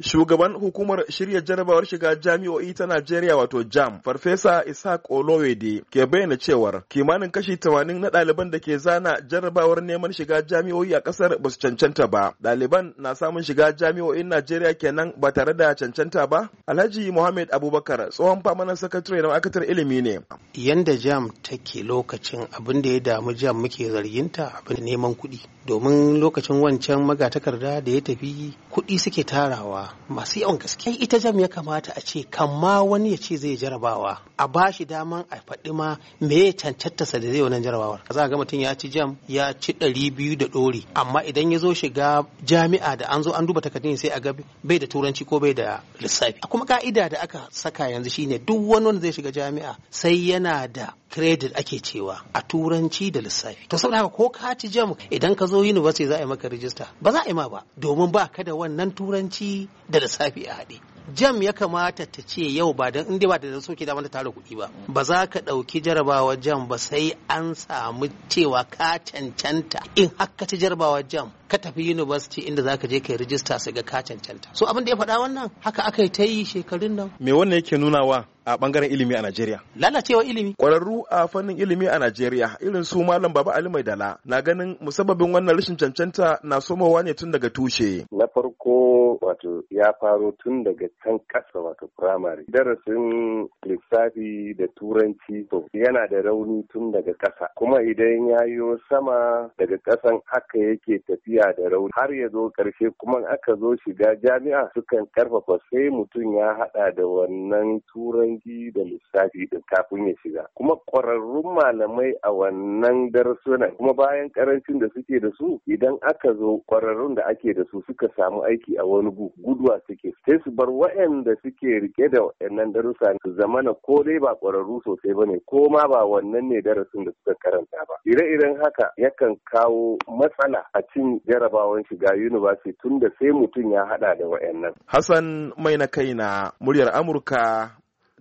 Shugaban hukumar shirya jarabawar shiga jami'o'i ta Najeriya wato JAM, Farfesa Isaac Olowede ke bayyana cewar kimanin kashi tamanin na ɗaliban da ke zana jarabawar neman shiga jami'o'i a ƙasar ba su cancanta ba. Ɗaliban na samun shiga jami'o'in Najeriya kenan ba tare da cancanta ba? Alhaji Muhammad Abubakar tsohon famanan sakatare na ma'aikatar ilimi ne. Yanda JAM take lokacin abin da ya damu JAM muke zarginta abin neman kuɗi. domin lokacin wancan magatakarda da ya tafi kuɗi suke tarawa masu yawan gaske ita jam ya kamata a ce kamma wani ya ce zai jarabawa a ba shi daman a faɗi ma me ya cancantarsa da zai wannan jarabawar za a ga mutum ya ci jam ya ci ɗari biyu da ɗori amma idan ya zo shiga jami'a da an zo an duba takardun sai a ga bai da turanci ko bai da lissafi kuma ka'ida da aka saka yanzu shine duk wani wanda zai shiga jami'a sai yana da credit ake cewa a turanci da lissafi to saboda haka ko ka ci jam idan ka zo university za a yi maka register ba za a yi ma ba domin ba ka da wannan turanci da lissafi a haɗe jam ya kamata ta ce yau ba dan inda ba da so ke da tara kuɗi ba ba za ka ɗauki jarabawar jam ba sai an samu cewa ka cancanta in ka ci jarabawar jam ka tafi university inda za ka je kai register sai ga ka cancanta so abin da ya faɗa wannan haka aka yi ta yi shekarun nan me wannan yake nunawa a bangaren ilimi a Najeriya. Lalacewa ilimi. Kwararru a fannin ilimi a Najeriya irin su Malam Baba Ali Mai Dala na ganin musababin wannan rashin cancanta na somowa ne tun daga tushe. Na farko wato ya faro tun daga can kasa wato firamare. Darasin lissafi da turanci to yana da rauni tun daga kasa. Kuma idan ya yi sama daga kasan, haka yake tafiya da rauni har ya zo ƙarshe kuma aka zo shiga jami'a sukan ƙarfafa sai mutum ya haɗa da wannan turanci ka'idoji da lissafi da kafin ya shiga kuma ƙwararrun malamai a wannan darsunan kuma bayan karancin da suke da su idan aka zo ƙwararrun da ake da su suka samu aiki a wani gu guduwa suke sai su bar waɗanda suke rike da waɗannan darussa su zamana ko dai ba ƙwararru sosai ba ne ko ma ba wannan ne darasin da suka karanta ba ire-iren haka yakan kawo matsala a cin jarabawan shiga university tun da sai mutum ya haɗa da wa'annan. Hassan mai na kai na muryar Amurka